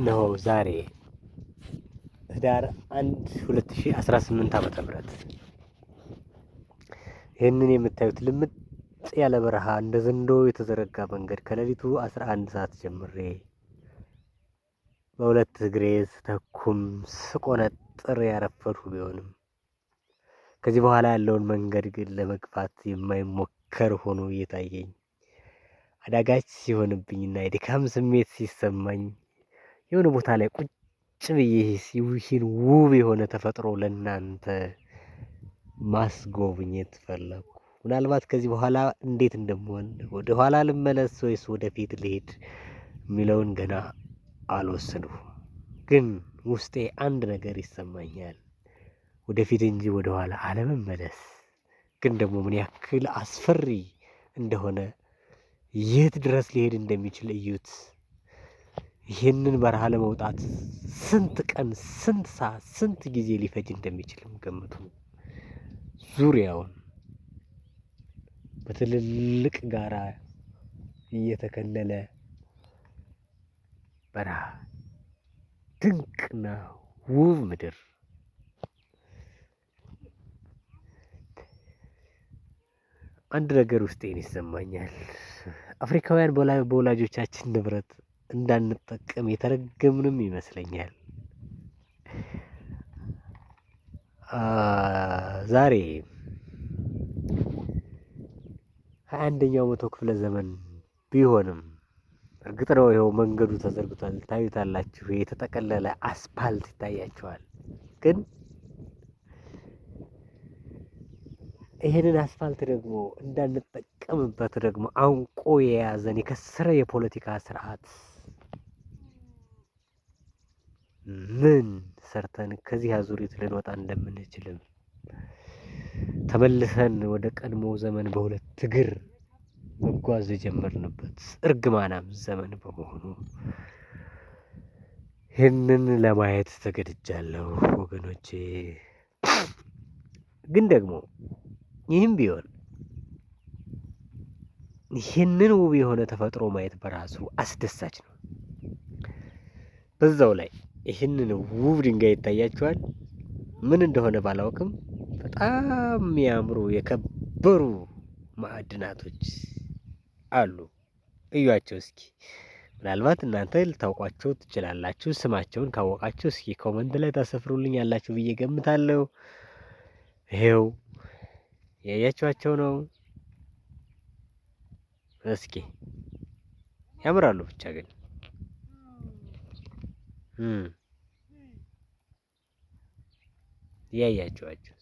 እነሆ ዛሬ ህዳር 1 2018 ዓመተ ምህረት ይህንን የምታዩት ልምጥ ያለ በረሃ እንደ ዘንዶ የተዘረጋ መንገድ ከሌሊቱ 11 ሰዓት ጀምሬ በሁለት እግሬ ስተኩም ስቆነጥር ያረፈድሁ ቢሆንም ከዚህ በኋላ ያለውን መንገድ ግን ለመግፋት የማይሞከር ሆኖ እየታየኝ አዳጋች ሲሆንብኝና የድካም ስሜት ሲሰማኝ የሆነ ቦታ ላይ ቁጭ ብዬ ይህን ውብ የሆነ ተፈጥሮ ለእናንተ ማስጎብኘት ፈለኩ ምናልባት ከዚህ በኋላ እንዴት እንደምሆን ወደኋላ ልመለስ ወይስ ወደፊት ልሄድ የሚለውን ገና አልወሰንኩም። ግን ውስጤ አንድ ነገር ይሰማኛል ወደፊት እንጂ ወደኋላ አለመመለስ ግን ደግሞ ምን ያክል አስፈሪ እንደሆነ የት ድረስ ሊሄድ እንደሚችል እዩት ይህንን በረሃ ለመውጣት ስንት ቀን ስንት ሰዓት ስንት ጊዜ ሊፈጅ እንደሚችልም ገምቱ። ዙሪያውን በትልልቅ ጋራ እየተከለለ በረሃ ድንቅና ውብ ምድር አንድ ነገር ውስጤን ይሰማኛል። አፍሪካውያን በወላጆቻችን ንብረት እንዳንጠቀም የተረገምንም ይመስለኛል። ዛሬ ሀያ አንደኛው መቶ ክፍለ ዘመን ቢሆንም እርግጥ ነው ይኸው መንገዱ ተዘርግቷል፣ ታዩታላችሁ። የተጠቀለለ አስፓልት ይታያችኋል። ግን ይህንን አስፋልት ደግሞ እንዳንጠቀምበት ደግሞ አንቆ የያዘን የከሰረ የፖለቲካ ስርዓት ምን ሰርተን ከዚህ አዙሪት ልንወጣ እንደምንችልም ተመልሰን ወደ ቀድሞ ዘመን በሁለት እግር መጓዝ የጀመርንበት እርግማናም ዘመን በመሆኑ ይህንን ለማየት ተገድጃለሁ ወገኖቼ። ግን ደግሞ ይህም ቢሆን ይህንን ውብ የሆነ ተፈጥሮ ማየት በራሱ አስደሳች ነው። በዛው ላይ ይህንን ውብ ድንጋይ ይታያችኋል። ምን እንደሆነ ባላውቅም በጣም የሚያምሩ የከበሩ ማዕድናቶች አሉ። እዩዋቸው እስኪ። ምናልባት እናንተ ልታውቋቸው ትችላላችሁ። ስማቸውን ካወቃችሁ እስኪ ኮመንት ላይ ታሰፍሩልኝ ያላችሁ ብዬ ገምታለሁ። ይሄው ያያችኋቸው ነው። እስኪ ያምራሉ ብቻ ግን ያያችኋቸው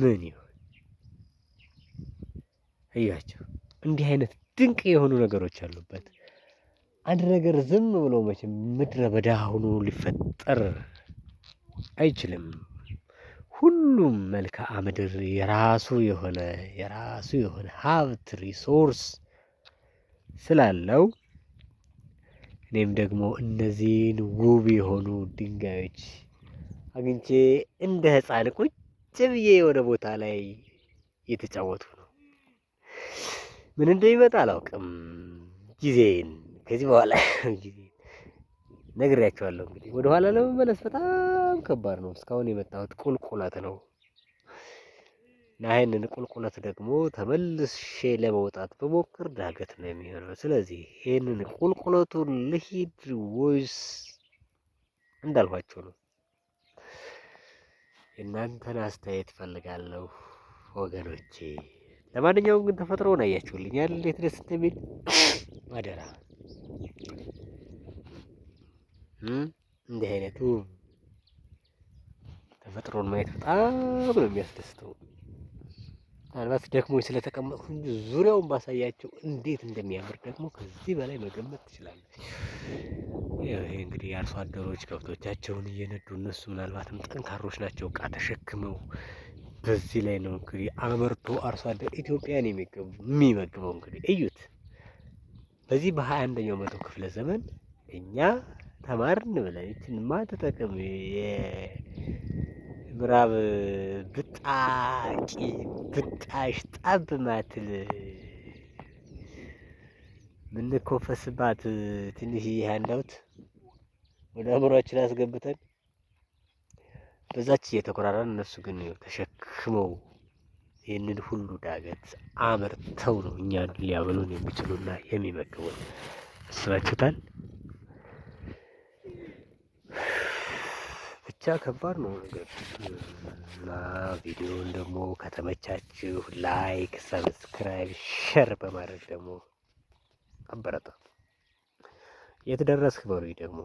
ምን ይሆን እያቸው። እንዲህ አይነት ድንቅ የሆኑ ነገሮች አሉበት። አንድ ነገር ዝም ብሎ መቼም ምድረ በዳ ሆኖ ሊፈጠር አይችልም። ሁሉም መልክዓ ምድር የራሱ የሆነ የራሱ የሆነ ሀብት ሪሶርስ ስላለው እኔም ደግሞ እነዚህን ውብ የሆኑ ድንጋዮች አግኝቼ እንደ ህፃን ቁጭ ብዬ የሆነ ቦታ ላይ እየተጫወቱ ነው። ምን እንደሚመጣ አላውቅም። ጊዜን ከዚህ በኋላ ጊዜ ነግሬያቸዋለሁ። እንግዲህ ወደኋላ ለመመለስ በጣም ከባድ ነው። እስካሁን የመጣሁት ቁልቁለት ነው እና ይህንን ቁልቁለት ደግሞ ተመልሼ ለመውጣት በሞክር ዳገት ነው የሚሆነው። ስለዚህ ይህንን ቁልቁለቱን ልሂድ ወይስ እንዳልኋቸው ነው? እናንተን አስተያየት ፈልጋለሁ ወገኖቼ። ለማንኛውም ግን ተፈጥሮውን አያችሁልኛል እንዴት ደስ እንደሚል አደራ። እንዲህ አይነቱ ተፈጥሮን ማየት በጣም ነው የሚያስደስተው። ምናልባት ደክሞኝ ስለተቀመጥኩ እንጂ ዙሪያውን ባሳያቸው እንዴት እንደሚያምር ደግሞ ከዚህ በላይ መገመት ትችላለች። ይሄ እንግዲህ የአርሶ አደሮች ከብቶቻቸውን እየነዱ እነሱ ምናልባትም ጠንካሮች ናቸው፣ እቃ ተሸክመው። በዚህ ላይ ነው እንግዲህ አመርቶ አርሶ አደር ኢትዮጵያን የሚመግበው። እንግዲህ እዩት፣ በዚህ በሀያ አንደኛው መቶ ክፍለ ዘመን እኛ ተማርን ብለን ይችንማ ተጠቅም ምዕራብ ብጣቂ ብጣሽ ጣብ ማትል ምንኮፈስባት ትንሽ ይህ አንዳውት ወደ አእምሯችን አስገብተን በዛች እየተኮራራን እነሱ ግን ተሸክመው ይህንን ሁሉ ዳገት አመርተው ነው እኛን ሊያበሉን የሚችሉና የሚመግቡን። አስባችሁታል? ብቻ ከባድ ነው ነገር እና ቪዲዮውን ደግሞ ከተመቻችሁ ላይክ፣ ሰብስክራይብ፣ ሸር በማድረግ ደግሞ አበረታ የተደረስክ በሉኝ ደግሞ